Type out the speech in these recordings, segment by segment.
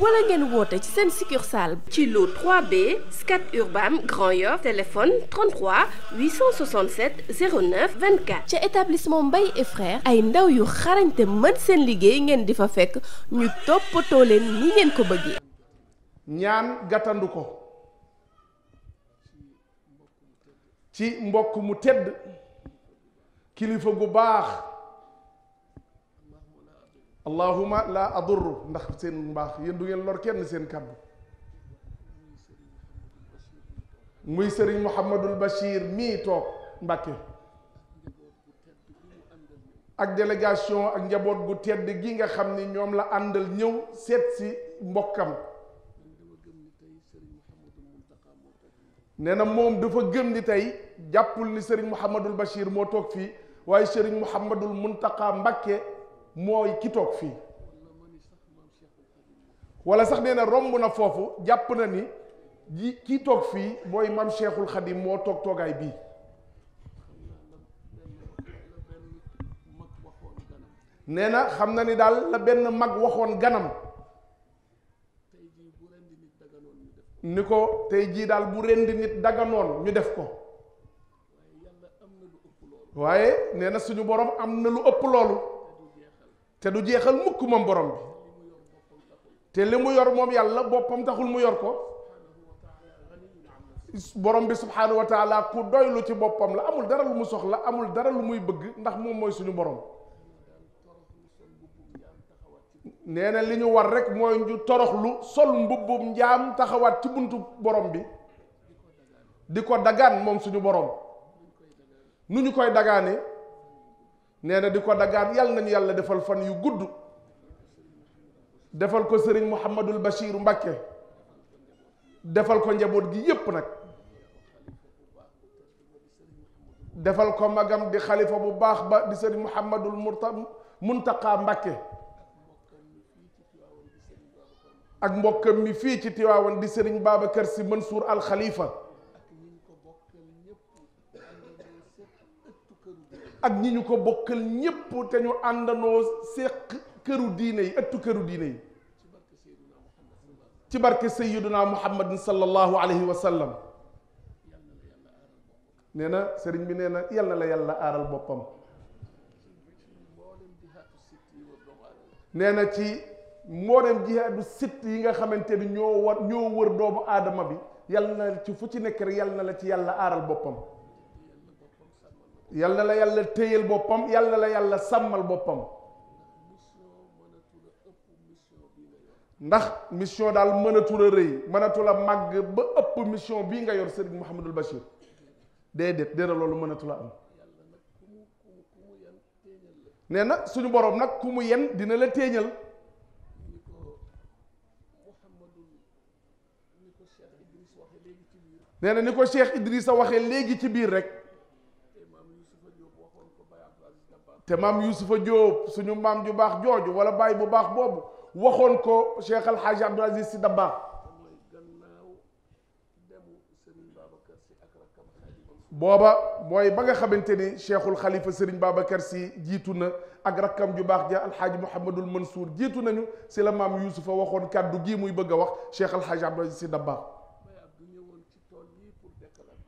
wala ngeen woote ci seen succursale ci lu 3B Scat Urbam Grand Yoff téléphone 33 867 09 24 ca établissement Mbaye et frères ay ndaw yu xarañte mën seen liggéey ngeen di fa fekk ñu toppatoo leen ni ngeen ko bëggee ñaan gàttandu ko ci mbokk mu tedd kilifa bu baax allahuma laa adurru ndax seen mbaax yéen du ngeen lor kenn seen kàddu muy sëriñ Mouhamadul Bachir mii toog Mbàkke ak délégation ak njaboot gu tedd gi nga xam ni ñoom la àndal ñëw seet si mbokkam nee na moom dafa gëm ni tey jàppul ni sëriñ Mouhamadul Bachir moo toog fii waaye sëriñ Mouhamadul Muntaqa Mbàkke mooy ki toog fii wala sax nee na romb na foofu jàpp na ni ji ki toog fii mooy maam Cheikhul Khadim moo toog toogaay bii nee na xam na ni daal la benn mag waxoon ganam ni ko tey jii daal bu rendi nit daganoon ñu def ko waaye nee na suñu borom am na lu ëpp loolu te du jeexal mukk moom borom bi te li mu yor moom yàlla boppam taxul mu yor ko borom bi subhaanahu wa taala ku doylu ci boppam la amul dara lu mu soxla amul dara lu muy bëgg ndax moom mooy suñu borom nee na li ñu war rek mooy ñu toroxlu sol mbubbum njaam taxawaat ci buntu borom bi di ko dagaan moom suñu borom nu ñu koy dagaane nee na di ko dagaan yàlla nañu yàlla defal fan yu gudd defal ko sëriñ Mouhamadul Bachir Mbakke defal ko njaboot gi yépp nag defal ko magam di xalifa bu baax ba di sëriñ Mouhamadul Murta Muntaqa Mbakke ak mbokkam mi fii ci Tiwaawan di sëriñ Babacar Si Mansour al Khalifa ak ñi ñu ko bokkal ñépp te ñu àndanoo seq këru diine yi ëttu këru diine yi ci barke sayyiduna muhammadin sallallahu alayhi wa sallam na sëriñ bi nee na yal na la yàlla aaral boppam nee na ci mboolem jihaadu sitt yi nga xamante ni ñoo war ñoo wër doomu aadama bi yàlla na ci fu ci nekk rek yal na la ci yàlla aaral boppam yàlla na la yàlla téyal boppam yàlla na la yàlla sàmmal boppam ndax mission daal mënatul a rëy mënatul a màgg ba ëpp mission bii nga yor Serigne Mouhamadul Bachir déedéet dina loolu mënatula a am nee na suñu boroom nag ku mu yen dina la téeñal nee na ni ko Cheikh Idrissa waxee léegi ci biir rek te maam Yuusufa Jóob suñu maam ju baax jooju wala bàyyi bu baax boobu waxoon ko Cheikh Al Hadj Abdoul Aziz Sy Dabakh booba mooy ba nga xamante ni Cheikhul Khalifa Serigne Babacar Sy jiitu na ak rakkam ju baax ja Al Hadj Mouhamadul Mansour jiitu nañu si la maam Yuusufa waxoon kàddu gii muy bëgg a wax Cheikh Al Hadj Abdoul Aziz Sy Dabakh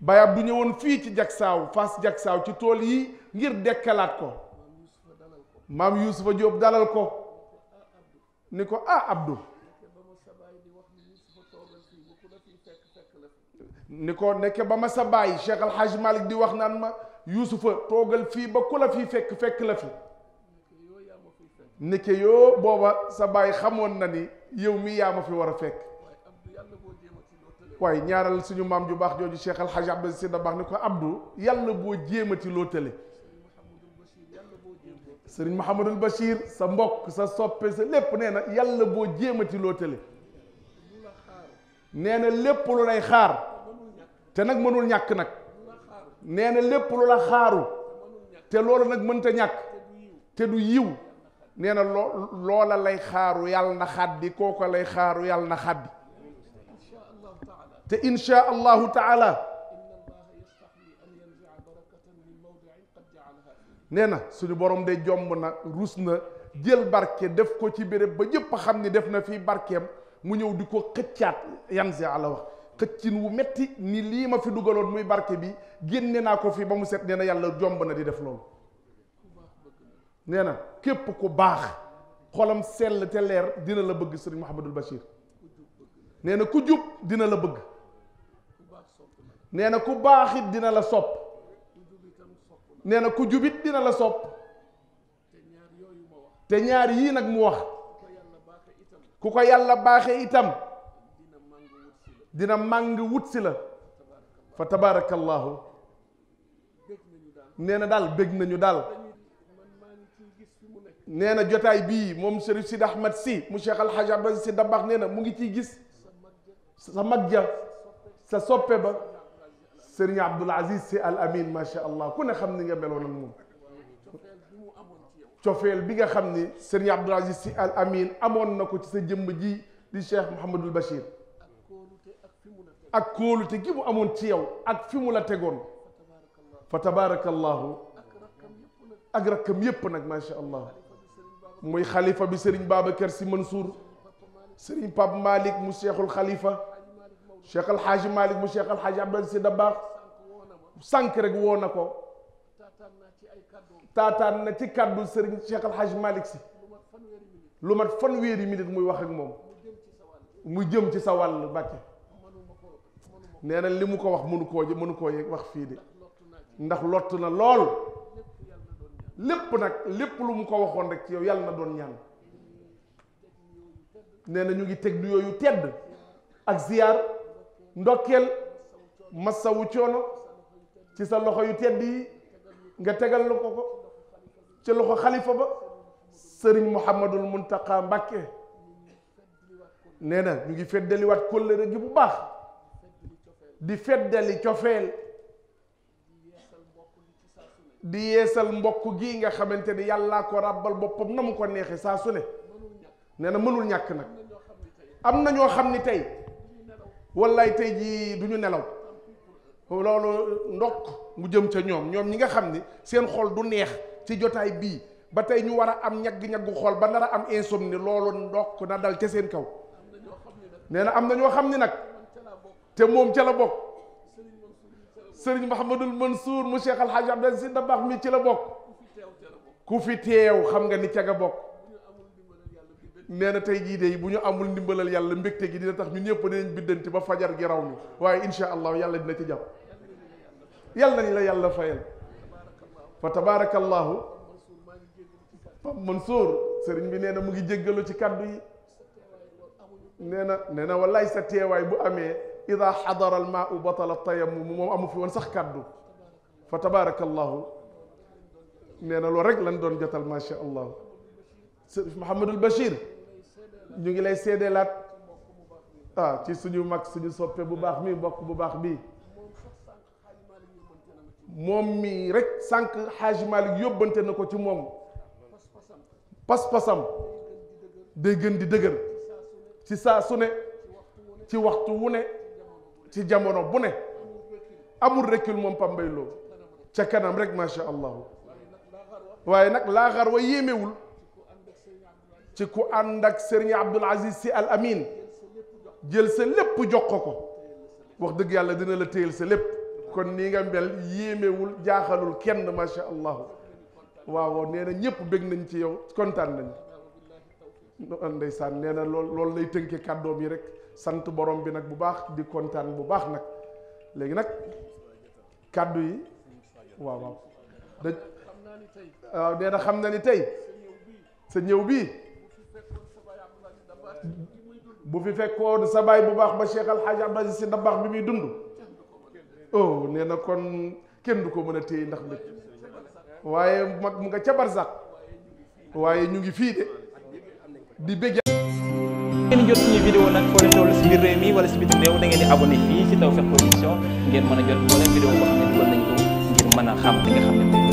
Baye Abdou ñëwoon fii ci Jaksaaw Fass Jaksaaw ci tool yi ngir dekkalaat ko maam yuusufa jóob dalal ko ni ko ah abdu ni ko nekk ba ma sa baay Cheikh Al Hadj Malick di wax naan ma yuusufa toogal fii ba ku la fii fekk fekk la fi nekke yoo booba sa baay xamoon na ni yow mi yaa ma fi war a fekk waaye ñaaral suñu maam ju baax jooju Cheikh Al Hadj Abdou Sidda baax ni ko abdu yàlla boo jéemati loo tële sëriñ Mouhamadul Bachir sa mbokk sa soppe sa lépp nee na yàlla boo jéemati loo tële nee na lépp lu lay xaar te nag mënul ñàkk nag nee na lépp lu la xaaru te loolu nag mënta ñàkk te du yiw nee na loo loola lay xaaru yàlla na xaddi kooka lay xaaru yàlla na xaddi te insha allahu taala nee na suñu borom de jomb na rus na jël barke def ko ci béréb ba ñëpp xam ni def na fii barkeem mu ñëw di ko xëccaat yan si wax xëccin wu metti ni lii ma fi dugaloon muy barke bi génne naa ko fii ba mu set nee yàlla jomb na di def loolu nee na képp ku baax xolam sell te leer dina la bëgg sëriñ Mouhamadul Bachir nee na ku jub dina la bëgg nee na ku baaxit dina la sopp nee na ku jubit dina la sopp te ñaar yii nag mu wax ku ko yàlla baaxe itam dina màng wut si la fa tabaarakallaahu nee na daal bég nañu daal nee na jotaay bii moom Cherif Sidi Ahmed si mu Cheikh Al Hadj Abdou Aziz Sy Dabakh nee mu ngi ciy gis sa mag ja sa soppe ba Serigne Abdoul Aziz Sy Al Amin macha allah ku ne xam ni nga meloon ak moom cofeel bi nga xam ni Serigne Abdoul Aziz Sy Al Amin amoon na ko ci sa jëmm ji di Cheikh Mouhamadul Bachir ak kóolute gi mu amoon ci yow ak fi mu la tegoon fa tabaarakallahu ak rakkam yépp nag macha allah muy xalifa bi Serigne Babacar Sy Mansour Serigne Pape Malick mu Cheikhul Khalifa. Cheikh Al Hadj Malick mu Cheikh Al Hadj Abdou Si Dabakh sànq rek woo na ko taataan na ci kàddu Serigne Cheikh Al malik Malick si lu mat fanweeri minute muy wax ak moom mu jëm ci sa wàll Mbàkke nee na li mu ko wax mënu koo mënu koo yëg wax fii de ndax lott na lool lépp nag lépp lu mu ko waxoon rek ci yow yàlla na doon ñaan nee na ñu ngi teg du yooyu tedd ak ziyaar ndokkeel masawu coono ci sa loxo yu tedd yi nga tegal lu ko ko ci loxo xalifa ba sëriñ Mouhamadul Muntaqa Mbàkke nee na ñu ngi feddaliwaat kóllëre gi bu baax di feddali cofeel di yeesal mbokk gi nga xamante ni yàllaa ko ràbbal boppam na mu ko neexee saa su nee na mënul ñàkk nag am na ñoo xam ni tey wallaay tey jii du ñu nelaw loolu ndokk mu jëm ca ñoom ñoom ñi nga xam ni seen xol du neex ci jotaay bii ba tey ñu war a am ñagg-ñaggu xol ba nar a am insomnie loolu ndokk na dal ca seen kaw nee na am na ñoo xam ni nag te moom ca la bokk sëriñ Mahamadul Mansour mu Cheikh Alhaji Abdou Aziz Dabakh mi ci la bokk ku fi teew xam nga ni ca nga bokk nee na tey jii de bu ñu amul ndimbalal yàlla mbégte gi dina tax ñun ñëpp dinañ biddanti ba fajar gi raw waaye incha allah yàlla dina ci jàpp yàlla nañ la yàlla fayal fa tabaarakallahu Pape Mansour sëriñ bi nee na mu ngi jéggalu ci kàddu yi nee na nee na wallaay sa teewaay bu amee ida xadara al maau batala tayammum moom amu fi woon sax kàddu fa tabaarakallahu nee na loolu rek lan doon jotal macha allah sëriñ Mouhamadul Bachir ñu ngi lay laat ah ci suñu mag suñu soppe bu baax mi mbokk bu baax bi moom mi rek sànq Xaaji yóbbante na ko ci moom pas-pasam day gën di dëgër ci saa sune ci waxtu wu ne ci jamono bu ne amul recul moom Pape Mbaye Lo ca kanam rek macha allahu waaye nag laa xar yéemewul ci ku ànd ak Serigne Abdoul Aziz Sy Al Amin jël sa lépp jox ko ko wax dëgg yàlla dina la téyel sa lépp kon nii nga mel yéemewul jaaxalul kenn macha allah waaw nee na ñëpp bég nañ ci yow kontaan nañ saan nee na lool loolu lay tënke kàddoom yi rek sant borom bi nag bu baax di kontaan bu baax nag léegi nag kàddu yi waaw waaw nee na xam na ni tey sa ñëw bii bu fi fekkoon sa baay bu baax ba Cheikh Al Hadj Abdou Aziz Sy Dabakh bi muy dund oh nee na kon kenn du ko mën a téye ndax mbir waaye mag mu nga ca barsàq waaye ñu ngi fii de di bëgg. ngeen jot suñu vidéo nag foo leen toll si biir réew mi wala si bitim réew da ngeen di abonné fii si Tawfekh Production ngeen mën a jot moo leen vidéo ne dugal nañ ko mën a xam li nga xam